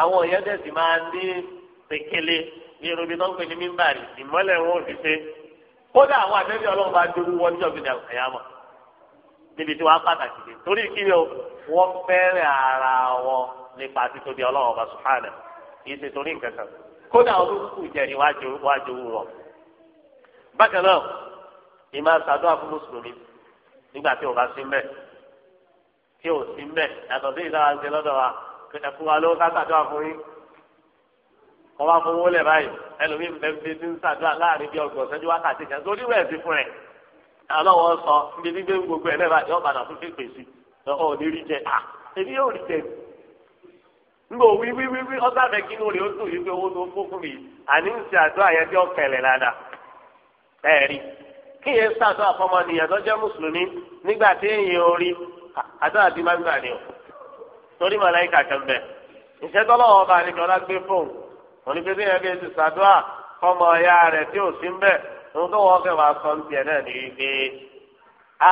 àwọn èèyàn tẹ̀sí máa ní pékélé ní irúbi tó ń pè ní mímbàrí ìmọ́lẹ̀ wọn ò fi ṣe kódà àwọn àtẹ́bí ọlọ́run bá dúró wọn níjọ́ gbìyànjú àyàmọ̀ níbi tí wọ́n pàtàkì dé torí kí ni o wọ́n fẹ́rẹ̀ ara wọn nípa títóbi ọlọ́run ọba sùhánà kì í ṣe torí nǹkan kan kódà ọdún kúkú jẹ ni wájú wù wọn. bákan náà ìmọ̀ àṣàdúrà fún mùsùlùmí nígbà tí ò bá sí mbẹ́ tí ò sí mbẹ́ yàtọ̀ pé wa lówó ká fún yín kọ́ wá fún owó lẹ̀ báyìí ẹlòmíì bẹ́ẹ̀ ti ń ṣàdúrà láàrin bí ọgbọ̀n ṣẹ́jú wákàtí kan torí wẹ̀ sí fún rẹ̀ alọ́wọ́ sọ níbi gbígbé gbogbo ẹ̀ lẹ́bàá yọ padà fún pípé sí ọ ní rí jẹ à èmi yóò rí jẹ ngbọ wí wí wí wí ọgbà bẹ kí lóore ó yìí pé owó tó kó fún mi àní ń ṣe àdúrà yẹn tí ó kẹlẹ̀ ládàá ẹ rí kíyẹn fọmọ nìyẹn tó jẹ́ mùsùlùmí nígbà tí èèyàn orí àdúrà ti máa ń gbà ní o torí màláìka kan bẹ iṣẹ́ tọlọwọ bá nìkan lágbé fóun onígbèsè yẹn bí ẹ ti sàdúrà fọmọ ọyá rẹ tí ò sí mbẹ ohun tó wọn fẹ́ wàá sọ ń tiẹ̀ náà ní wípé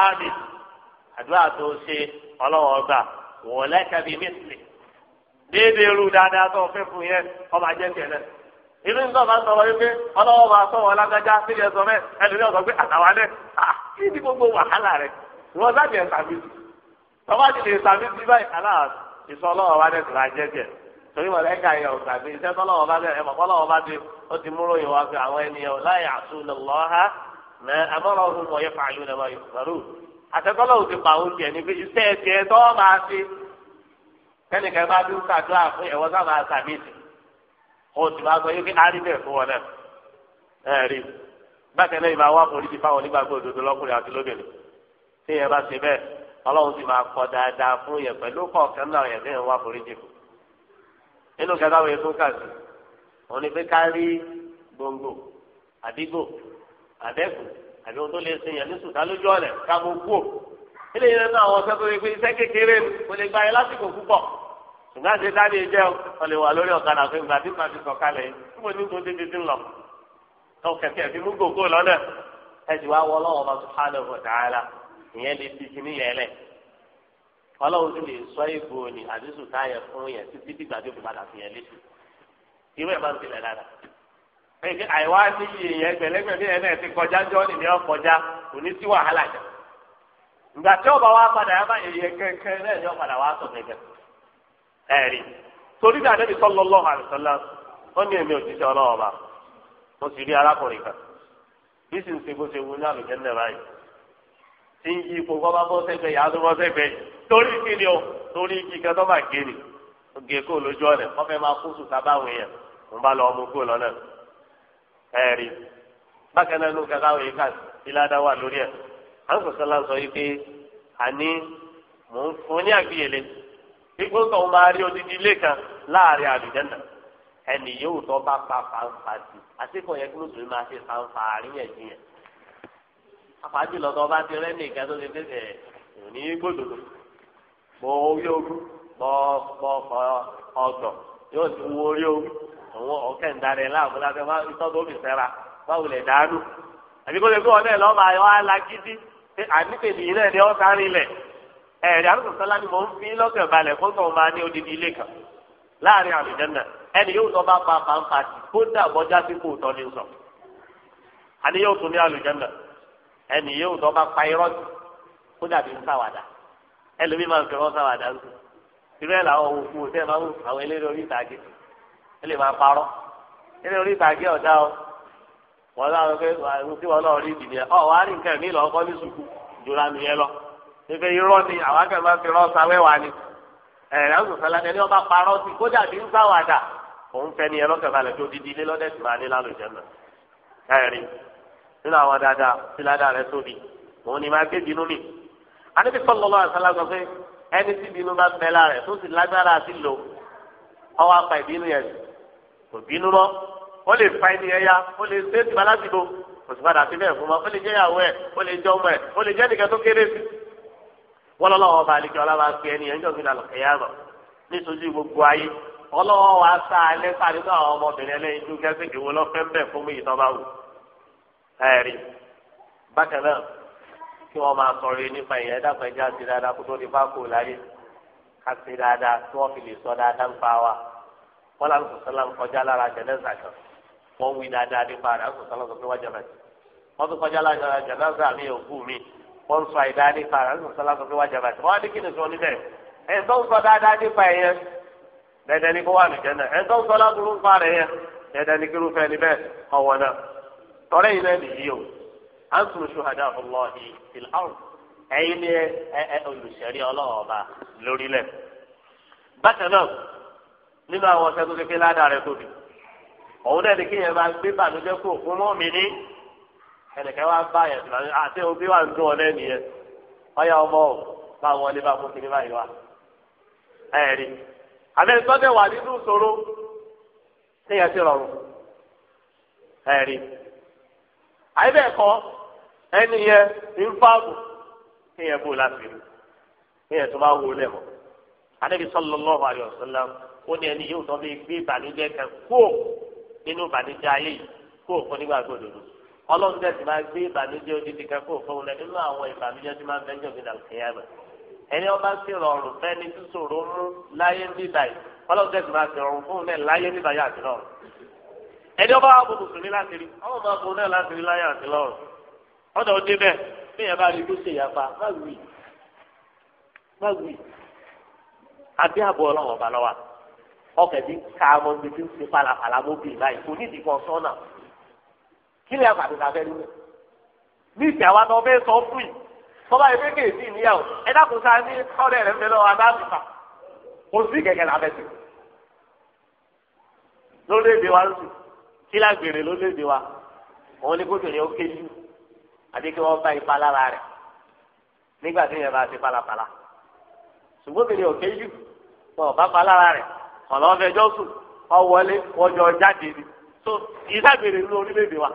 áàdì àdúrà tó ṣe ọlọwọ gbà wọn lẹka bíi mísìlì déédéé irú dáadáa tó fẹ́ fún yẹn ọmọ ajẹ tiẹ̀ náà irú nǹkan bá sọ̀rọ̀ yìí ọlọ́wọ́ máa sọ wọn lágbájá sílẹ̀ sọ bẹ́ẹ̀ ẹlòmíràn sọ pé àtàwọn alẹ́ ah, kí ni gbogbo wàhálà rẹ̀ wọ́n sábẹ̀ sàmì iṣẹ́ ọlọ́wọ́ bá dẹ̀ tura jẹ́jẹ́ torí wọn lẹ́ka yẹ ọ̀gá bí iṣẹ́ tọ́lọ́wọ́ bá dẹ̀ ẹ̀mọ̀ kọ́lọ́wọ́ bá dé ó ti múrò yìí wá pé àwọn ènìyàn láyé mẹ amọ́rọ̀ ọ̀hún wọ̀ yẹ fàálù lẹ́wọ̀ yìí pẹ̀lú àtẹ́kọ́lọ́wọ́ ti pa oúnjẹ bá dúró sábà ó ti sọ fún wọn náà náà ìbá ọlọ́run ti máa kọ dáadáa fún yẹn pẹ̀lú kọ̀ọ̀kan náà yẹn fẹ́ràn wá foríjì fún nínú kẹta wo yẹn tó kà sí òun ni pé ká rí gbòǹgbò àdígbò àdẹ́kù àbí ohun tó lè sin yẹn ní sùtá lójú ọ̀nà ká mo kú ò ilé yẹn náà àwọn ọ̀sẹ̀ tó yẹ pé iṣẹ́ kékeré kò lè gba ẹ lásìkò púpọ̀ ṣùgbọ́n àti ká lè jẹ́ ọ lè wà lórí ọ̀kadà fún ìgbà tí pàṣẹ sọ̀kalẹ̀ yìí tí mo ní ìyẹn lè di kíní yẹn ọlọ́run sì lè sọ ìbò ní àdísù táyẹ fún yẹn títí dìgbà tó fi padà fi yẹn létí irú ẹ̀ máa ń tilẹ̀ dára pé àìwá ní iye ti kọjá jọ ní ọkọjá kò ní sí wàhálà ìgbà tí ọba wa padà yá bá iye kẹkẹ torí ó ní tí ń yí ipò bọ́bá bọ́ sẹ́gbẹ́ yàrá tó bọ́ sẹ́gbẹ́ torí kí ni o torí kí kan tó bá gé ni gé kó lójú ọ̀nà wọ́n fẹ́ máa kó sábàwìn yẹn ń bá lọ ọmọ kó lọ́nà ẹ̀rí bákan náà ló kẹta àwọn èèkà ìlàdá wà lórí ẹ̀ à ń sọ̀sọ́ láǹsọ yìí pé àní mò ń fún ní àgbéyẹlé ipò tó máa rí odidi ilé kan láàrin àlùjẹ́nà ẹnì yóò tó bá pa fanfa sí àti kò kí mùsùlùmí máa àfàájì lọ́dọ̀ ọba ti rẹ́ nìkan tó ti tẹ̀sẹ̀ ní gbòdòdò mọ orí ogun mọ mọ ọgbọ̀n yóò ti wo orí ogun òun ọ̀kẹ́ ń darẹ̀ láàbù lábẹ́ wá ìtọ́jú omi sẹ́ra báwo lè dánú àbí kó lè kó ọ̀nà ẹ̀ lọ́ba ayọ̀ alágídí àníkèdè yìí náà ni ọ̀ sáré lẹ̀ ẹ̀rí àrùn ni mò ń fi lọ́kẹ̀ balẹ̀ fún tòun máa ní odidi ilé kan láàrin àlùjẹ́nà ẹni yóò tọ́ bá pa pàǹpà tí kó dà bọ́jà sí kò tọ́ ní sọ àní yóò tún ẹnì yóò tó bá pa irọ́ jù kó dàbí sáwàdà ẹlòmíì máa ń fi irọ́ sáwàdà ń sùn irú ẹ̀ làwọn òkú òtẹ́ máa ń wù àwọn eléré orí ìtàgé ẹ lè máa parọ́ eléré orí ìtàgé ọ̀dá o wọ́n láwọn pé àwọn tí wọ́n náà rí ìdìbò yẹn ọ̀ wá rí nǹkan mi lọ́ kọ́ ní sùkú jùlọ àmì yẹn lọ ife irọ́ ni àwọn akẹ́kọ̀ọ́ máa ń fi irọ́ sáwẹ́wà ni ẹ̀rẹ́ àwùjọsọ̀lá ni ẹni ọba parọ́ sí kó dàbí ń sáwàdà òun fẹ́ ni ẹ lọ́kẹ̀ balẹ̀ tó dídí ilé lọ́dẹ̀ nínú àwọn dáadáa tí ládàá rẹ tóbi òun ni máa gé bínú mi Ànábì sallallahu alaihi wasallam pé ẹni tí bínú bá bẹ lára rẹ tó sì lágbára àti lò ọwọ́ apá ìbínú yẹn kò bínú mọ́ ó lè fa ẹni ẹ̀yà ó lè ṣe é tìbá láti bo kò sì padà sí bẹ́ẹ̀ fún ma ó lè jẹ́ ìyàwó ẹ̀ ó lè jẹ́ ọmọ ẹ̀ ó lè jẹ́ nìkan tó kéré sí. wọ́n lọ́wọ́ ọba àlejò ọlọ́wọ́ àti ẹni ẹ̀ ń jọ̀gbìn lálọ́ ẹ̀yà rọ̀ nítorí gbogbo ayé ọlọ́wọ́ wa sá alẹ́ sáré náà ọmọbìnrin ẹlẹ́yin tó gẹ́sẹ̀ lọ́fẹ́ bẹ́ẹ̀ fún mi ìtọ́ bá ẹ̀rí bákan náà kí wọ́n máa sọ̀rọ̀ nípa ìyẹn dàpọ̀ ẹja sí dáadáa kó tó di bá kò láyé ká sí dáadáa tí wọ́n fi lè sọ dáadáa ń pa wa wọ́n là ń sọ sọ́lá ń kọjá lára jẹ̀nẹ́sà kan wọ́n wí dáadáa nípa rẹ̀ ń sọ sọ́lá ń sọ pé wọ́n jẹ̀nẹ́sà wọ́n tún kọjá lára jẹ̀nẹ́sà mi ò kú mi wọ́n sọ àìdá nípa rẹ̀ ń sọ sọ pé wọ́n jẹ̀nẹ́sà wọ́n á ní kí ni sọ níbẹ̀ ẹ̀ tó ń sọ dáadáa nípa ẹ̀yẹn dẹ́dẹ́ ni kó wà lùjẹ́ náà ẹ̀ tó ń sọ lábúrú ń pa rẹ̀ yẹn dẹ́dẹ́ ni kí irúfẹ́ níbẹ̀ náà. tọ́lẹ̀ yìí náà nìyí o antum shuhada allahi fil ard ẹ̀yin ni olùsẹ̀rí ọlọ́ọ̀ba lórílẹ̀ bákan náà nínú àwọn ọ̀sẹ̀ tó ti fi ládàá rẹ̀ tóbi òun náà ni kí yẹn máa gbé kó fún mi ní ẹnìkan wá bá yẹn tó àti wà ń dún ọ lẹ́nu yẹn ọyà ọmọ bá bá fún kiri báyìí wá wà nínú ìṣòro tí yẹn ti rọrùn àyè bẹ́ẹ̀ kọ́ ẹni yẹn ń fáàbù kí yẹn bó láti rí kí yẹn tó bá wó lẹ̀ mọ́ Ànábì sallallahu alaihi wasallam ó ní ẹni yóò tọ́ bí gbé ìbànújẹ́ kan kó nínú ìbànújẹ́ ayé yìí kó fún nígbà ọlọ́run máa gbé odidi kan kó fún un nínú àwọn tí máa ń bẹ́jọ́ ẹni ọba sì rọrùn fẹ́ni tí mú láyé ọlọ́run máa sì rọrùn fún un láyé àti ẹni ọba wa bọ mùsùlùmí láti rí ọmọ máa bọ náà láti rí láyà àti lọ́rùn ọdọ ọdẹ bẹ́ẹ̀ bẹ́ẹ̀ bá rí gbèsè yàpá má wì má wì àbí àbọ Ọlọ́run ọba lọwa ọkẹ bí ká ọmọ mi ti ń ṣe pàlàpàlà mọbìlì báyìí kò ní ìdìbò sọnà kí lè àpàdé tàbẹ lónìí ní ìgbà wa náà bẹ́ẹ̀ sọ fún yìí tọ́ba yìí fẹ́ẹ́ kéèsì níyàwó ẹ kí lágbèrè ló léde wa òun ní kóbìnrin ó kéjú àti kí wọ́n bá ipa lára rẹ̀ nígbà tí yẹn bá ti palapala ṣùgbọ́n obìnrin ò kéjú wọn ò bá pa lára rẹ̀ ọ̀nà ọ̀fẹ́jọ́ sùn wọ́n wọlé wọ́n jáde ni tó ìdágbèrè ló orílẹ̀-èdè wa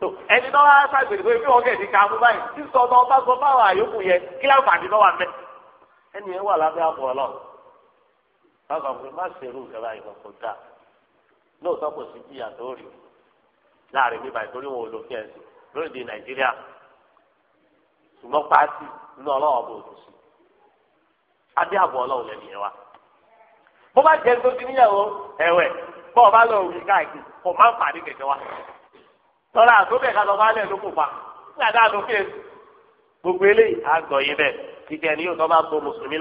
tó ẹni náà wá ságbèrè pé wọ́n kẹ̀sí ká mú báyìí tí sọ ọmọ ọba sọ fáwọn àyókù yẹn kí láǹfààní náà wà mẹ́ ẹni yẹn wà lábẹ́ àpò ọlọ́run bákan lóòótọ́ kò sí jìyà tó rí láàrin bíbá ìtorí wọn ò lò fi ẹ̀sìn lórílẹ̀ nàìjíríà ṣùgbọ́n pàṣẹ ní ọlọ́wọ́ bò tó sí adé àbọ̀ ọlọ́wọ́ lẹ́nu yẹn wa. bó bá jẹ́ tó ti níyàwó ẹ̀wẹ̀ bọ́ ọba n'oge lọ òwì káàkiri kò máa ń fà ní kẹ̀kẹ́ wa. tọ́lá ká lọ bá lẹ̀ fa ní àdá gbogbo eléyìí á gbọ̀ yín kíkẹ́ ni yóò tọ́ bá mùsùlùmí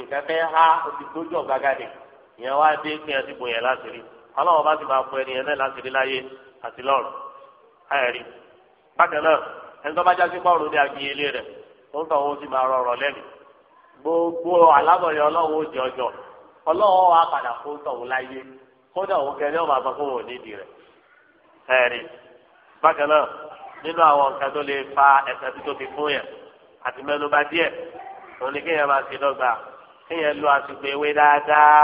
nǹkan fẹ́ há oṣù tójú ọ̀gágádé ìyẹn wá dé pé ẹ ti bò yẹn láti rí ọlọ́wọ́ bá ti máa bọ ẹni yẹn náà láti rí láyé àti lọ́rùn ẹ̀rí. bákan náà ẹni tó bá já sí pọ́ọ̀rù ní agbèyẹlé rẹ̀ tó ń tọ́ owó sì máa rọrọ̀ lẹ́nu gbogbo alábọ̀rẹ̀ ọlọ́wọ́ òjì ọjọ́ ọlọ́wọ́ wa padà kó tọ̀hún láyé kódà òun kẹrin ọmọ àbọ̀ fún òun nídìí rẹ̀ ẹ̀rí. bákan náà nínú àwọn nǹkan tó lè fa ẹ̀sẹ̀ tó ti fún yẹn àti díẹ̀ òun ni kéèyàn máa ṣe dọ́gba kéèyàn lo àsìkò ewé dáadáa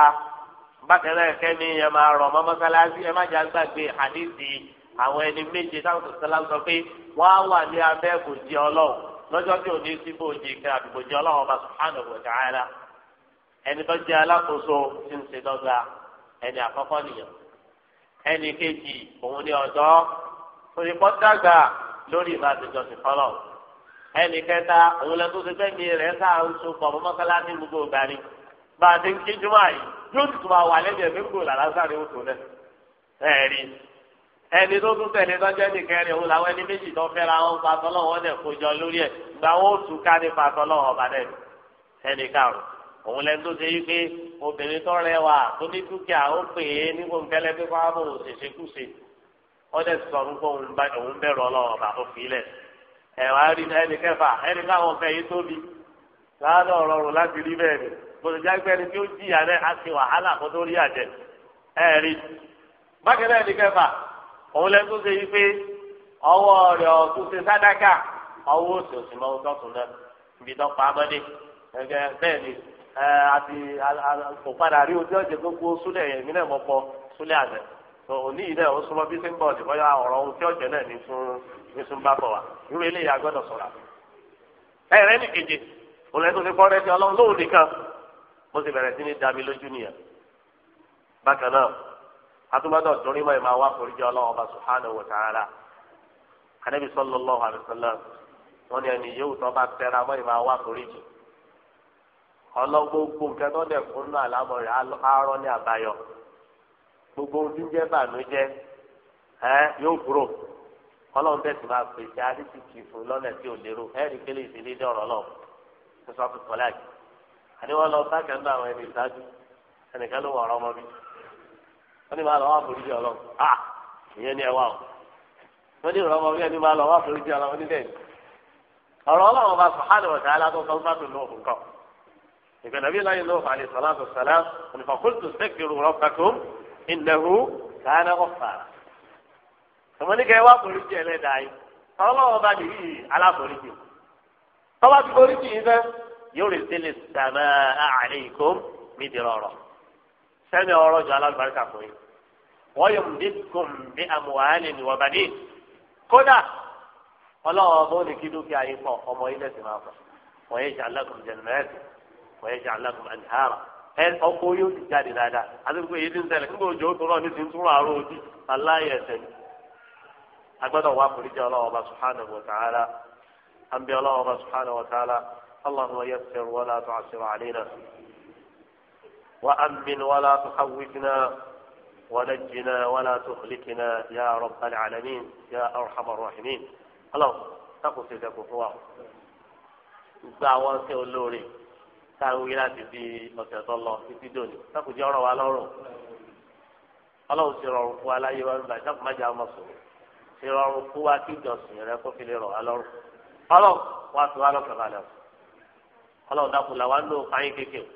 bákan náà kẹ́mi ẹ máa rọ̀ mọ́ mọ́sálásí ẹ má jà gbàgbé àdìsí àwọn ẹni méje táwọn sọ̀tẹ́lá sọ pé wọ́n á wà ní abẹ́ bòjì ọlọ́run lọ́jọ́ tí ò ní sí bòjì kan àti bòjì ọlọ́run ọba subhanahu wa ta'ala ẹni tó jẹ́ alákòóso tí ń ṣe dọ́gba ẹni àkọ́kọ́ nìyẹn ẹni kejì òun ni ọ̀dọ́ òyìnbó dàgbà lórí ìbá àtijọ́ sí fọlọ́run ẹnì kẹta òun lẹ́nu tó ti fẹ́ mi rẹ̀ sáà ń so pọ̀ mọ́sálásí gbogbo ìgbà ni bá a ti ń kíjú máa yìí yóò ti tún máa wà lẹ́yìn ẹ̀mí gbòòrò àlásàrè oṣù náà ẹ̀rí ẹni tó tún tẹ̀lé lọ́jọ́ nìkẹrin òun làwọn ẹni méjì tó fẹ́ra wọn pa tọ́lọ́wọ́n náà kójọ lórí ẹ̀ gba wọn ó tún ká nípa tọ́lọ́wọ́n ọba náà ẹnì karùn òun lẹ́nu tó ṣe wípé obìnrin tó rẹwà tó ní dúkìá ó pè é ní kò ń fẹ́lẹ́ pé kó á bò ó ṣèṣekúṣe wọ́n dẹ̀ fún òun bẹ̀rù ọlọ́wọ́n ọba ó fi lẹ̀ sí ẹ̀wà rí ẹnì kẹfà ẹnì káwọn fẹ́ yìí tóbi láàárọ̀ ọ̀rọ̀rùn láti rí bẹ́ẹ̀ ni ni tí ó jìyà á ti wàhálà kó tó rí àjẹ ẹ̀ na bákẹ́lẹ́ ẹnì kẹfà òun yi tó ṣe yí pé ọwọ́ rẹ̀ ọ̀tún ṣe sádákà ọwọ́ òsì òsì mọ́ tọ́tún náà ibi tó ni àti kò padà rí ojú ọ̀jẹ̀ gbogbo súlẹ̀ náà mọ́ pọ̀ súlẹ̀ nísun bá bọ̀ wá irú eléyìí agbọ́dọ̀ sọ̀rọ̀ ẹ̀rẹ́ ní keje òun ẹ̀tún ti kọ́ rẹ́sì ọlọ́run lóhùn nìkan mo sì bẹ̀rẹ̀ sí ní dami lójú nìyẹn bákan náà atúmọ̀dọ̀ torí mọ́ ìmọ̀ àwọn àforíjì ọlọ́run ọba subhanahu wa ta'ala anabi sallallahu alaihi wasallam wọn ni ẹni yóò tọ́ bá tẹ́ra mọ́ ìmọ̀ àwọn àforíjì nǹkan tó dẹ̀ fún náà rẹ̀ arọ́ ní àbáyọ gbogbo ọlọ́run bẹ́ẹ̀ sì máa pèsè àdìsíkì fún lọ́nà tí ò lérò ẹ̀rí kélé ìdílé ní ọ̀rọ̀ lọ kó sọ fún kọ́láàjì àdéhùn lọ bá kẹ́ńdọ̀ àwọn ẹni ìsáájú ẹnìkan ló wọ ọ̀rọ̀ ọmọ mi wọ́n ní máa lọ wá foríjì ọlọ́run à ìyẹn ní ẹwà o wọ́n ní ọ̀rọ̀ ọmọ mi ẹni máa lọ wá foríjì ọlọ́run ní bẹ́ẹ̀ ọ̀rọ̀ ọlọ́run bá sọ̀hánì wọ̀tá alákọ̀ọ́kọ́ bá tó lóògùn kọ́ ìgbàlódé tọmọ kẹ wá foríjì yìí bá mi yìí aláforíjì ti foríjì yìí yóò lè sàmà ìkó jọ fún yìí wọ́n bí ni wọ́n bá dé kódà ọlọ́wọ́ bó kí dúkìá yìí pọ̀ ọmọ yìí lẹ́sìn máa pọ̀ wọ́n yẹ wọ́n yẹ ẹ yóò ti jáde dáadáa àti pé ti ń agbọ́dọ̀ wá foríjì ọlọ́wọ́ bá subhanahu wa ta'ala àǹbí ọlọ́wọ́ bá subhanahu wa ta'ala اللهم يسر ولا تعسر علينا وأمن ولا تخوفنا ونجنا ولا تهلكنا يا رب العالمين يا أرحم الراحمين اللهم تقص لك فواه دعوة سيولوري táwọn wí láti fi ọ̀sẹ̀ tó lọ títí dòní sákòjì ọ̀rọ̀ wa lọ́rùn ọlọ́run sì rọrùn fún aláyé wa nígbà sákòmájà ọmọ sòrò ṣe rọrùn fún wa kí ìjọsìn rẹ kó fi lè rọ̀ wá lọ́rùn ọlọ́run wá sí wa lọ́kàn balẹ̀ o ọlọ́run dákun làwa ń lò fáyín kékeré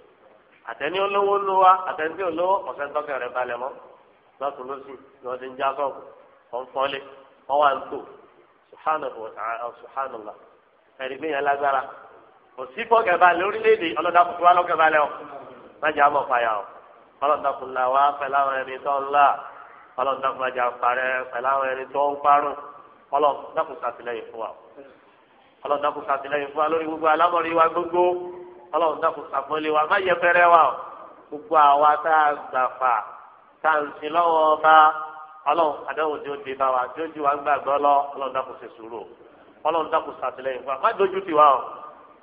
àtẹni olówó ló wa àtẹni tí olówó ọ̀sẹ̀ ń tọ́kẹ̀ rẹ balẹ̀ mọ́ lọ́tún lọ́sì ni wọ́n ti ń já sọ́ọ̀bù wọ́n fọ́lé wọ́n wá ń tò subhanallah ẹ̀rí gbé lágbára òsì fọ́kẹ̀ balẹ̀ orílẹ̀-èdè ọlọ́run dákun sí wa lọ́kàn balẹ̀ o má jẹ́ àmọ̀ fàyà o ọlọ́run dákun làwa pẹ̀lú àwọn ẹni tó ń lá ọlọ́run dákun ajá parẹ́ pẹ̀lú àwọn ẹni tó ń parun ọlọ́run dákun ṣàtìlẹ́yìn fún wa ọlọ́run dákun ṣàtìlẹ́yìn fún wa lórí gbogbo alámọ̀rí wa gbogbo ọlọ́run dákun ṣàpọ́nlé wa má yẹ fẹ́rẹ́ wa o gbogbo àwa tá a gbà fà tá a ń sin lọ́wọ́ ọba ọlọ́run adáwọ̀ tí ó di bá wa tí ó di wa gbàgbọ́ lọ ọlọ́run dákun ṣe sùúrù ọlọ́run dákun ṣàtìlẹ́yìn fún wa má dojú ti wa o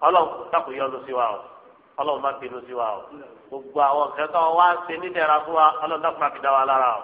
ọlọ́run dákun yọ́nú sí wa o ọlọ́run má bínú sí wa o gbogbo àwọn kẹtọ́ wa ṣe nídẹ̀ẹ́ra fún wa ọlọ́run dákun má fi dá wa lára o.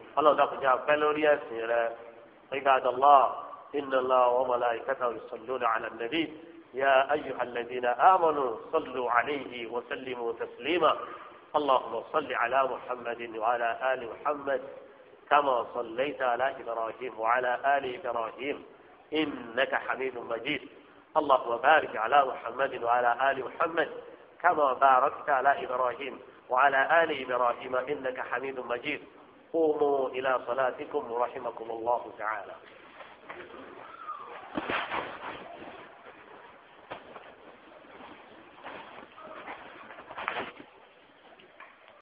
الله دقجا فلوريا سيرا عباد الله إن الله وملائكته يصلون على النبي يا أيها الذين آمنوا صلوا عليه وسلموا تسليما اللهم صل على محمد وعلى آل محمد كما صليت على إبراهيم وعلى آل إبراهيم إنك حميد مجيد اللهم بارك على محمد وعلى آل محمد كما باركت على إبراهيم وعلى آل إبراهيم إنك حميد مجيد قوموا إلى صلاتكم ورحمكم الله تعالى